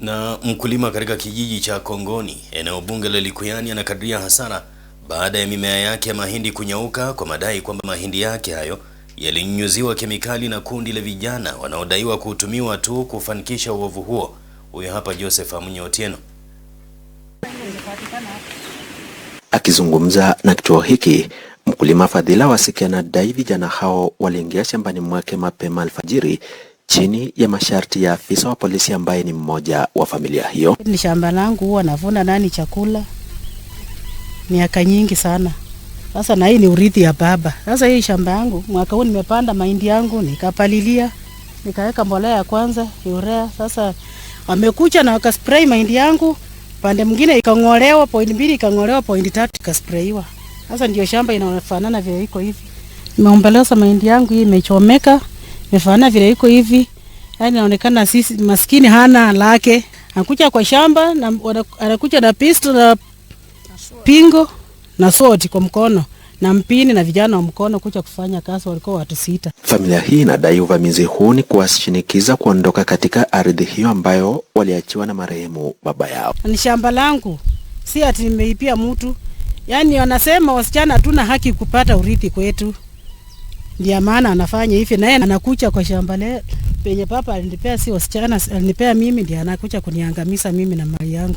Na mkulima katika kijiji cha Kongoni eneo bunge la Likuyani anakadiria hasara baada ya mimea yake ya mahindi kunyauka kwa madai kwamba mahindi yake hayo yalinyunyuziwa kemikali na kundi la vijana wanaodaiwa kutumiwa tu kufanikisha uovu huo. Huyo hapa Joseph amunye Otieno akizungumza na kituo hiki. Mkulima Fadhila Wasike anadai vijana hao waliingia shambani mwake mapema alfajiri chini ya masharti ya afisa wa polisi ambaye ni mmoja wa familia hiyo. Ni shamba langu, huwa navuna nani chakula miaka nyingi sana sasa, na hii ni urithi ya baba. Sasa hii shamba yangu mwaka huu nimepanda mahindi yangu, nikapalilia, nikaweka mbolea ya kwanza urea. Sasa wamekucha na wakaspray mahindi yangu, pande mwingine ikang'olewa point mbili, ikang'olewa point tatu, ikasprayiwa. Sasa ndio shamba inafanana vile iko hivi. Nimeombeleza mahindi yangu, hii imechomeka. Imefanana vile iko hivi, yaani inaonekana sisi maskini hana lake, anakuja kwa shamba na anakuja na pistol na pingo na soti kwa mkono na mpini na vijana wa mkono kucha kufanya kazi, walikuwa watu sita. Familia hii inadai uvamizi huu ni kuwashinikiza kuondoka katika ardhi hiyo ambayo waliachiwa na marehemu baba yao. Ni shamba langu, si ati nimeipia mtu. Yaani wanasema wasichana hatuna haki kupata urithi kwetu. Ndio maana anafanya hivi na yeye anakucha kwa shamba le penye papa alinipea, si wasichana alinipea mimi, ndio anakucha kuniangamiza mimi na mali yangu.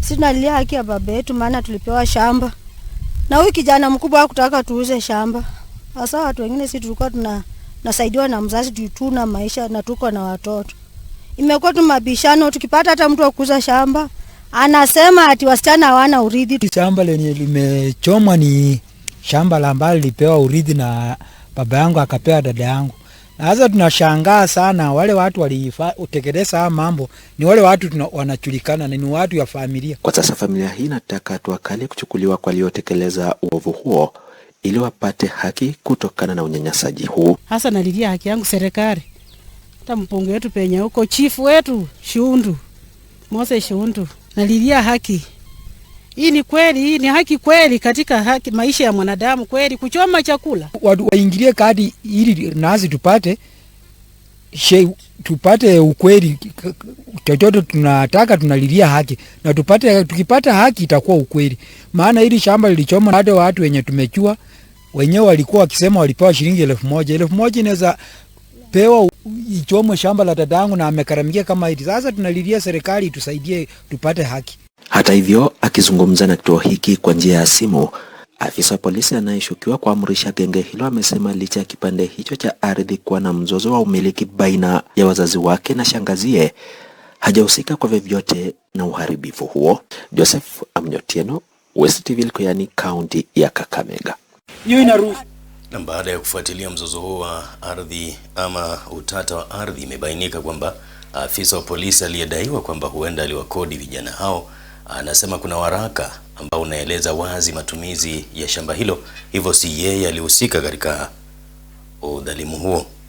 Sisi tunalia haki ya baba yetu, maana tulipewa shamba na huyu kijana mkubwa hakutaka tuuze shamba. Sasa watu wengine sisi tulikuwa tuna nasaidiwa na mzazi tutuna maisha na tuko na watoto. Imekuwa tu mabishano, tukipata hata mtu akuuza shamba anasema ati wasichana hawana urithi. Shamba lenye limechomwa ni shamba la ambalo lipewa urithi na baba yangu akapewa dada yangu. Sasa tunashangaa sana, wale watu walitekeleza haya mambo ni wale watu tuna, wanajulikana ni watu wa familia. Kwa sasa familia hii inataka hatua kali kuchukuliwa kwa waliotekeleza uovu huo ili wapate haki kutokana na unyanyasaji huu. Hasa nalilia haki yangu serikali, hata mpunge wetu penye huko, chifu wetu Shundu Mose Shundu, nalilia haki. Hii ni kweli, hii ni haki kweli katika haki maisha ya mwanadamu kweli, kuchoma chakula. Watu waingilie kati ili nasi tupate she, tupate ukweli. Chochote tunataka tunalilia haki, na tupate, tukipata haki itakuwa ukweli. Maana hili shamba lilichoma, hata watu wenye tumechua wenyewe walikuwa wakisema walipewa shilingi elfu moja elfu moja inaweza pewa ichomwe shamba la dadangu na amekaramikia kama hili. Sasa tunalilia serikali itusaidie tupate haki. Hata hivyo, akizungumza na kituo hiki kwa njia ya simu, afisa wa polisi anayeshukiwa kuamrisha genge hilo amesema licha ya kipande hicho cha ardhi kuwa na mzozo wa umiliki baina ya wazazi wake na shangazie, hajahusika kwa vyovyote na uharibifu huo. Joseph Amnyotieno, West TV Likuyani, kaunti ya Kakamega. Na baada ya kufuatilia mzozo huo wa ardhi ama utata wa ardhi, imebainika kwamba afisa wa polisi aliyedaiwa kwamba huenda aliwakodi vijana hao anasema kuna waraka ambao unaeleza wazi matumizi ya shamba hilo, hivyo si yeye alihusika katika udhalimu huo.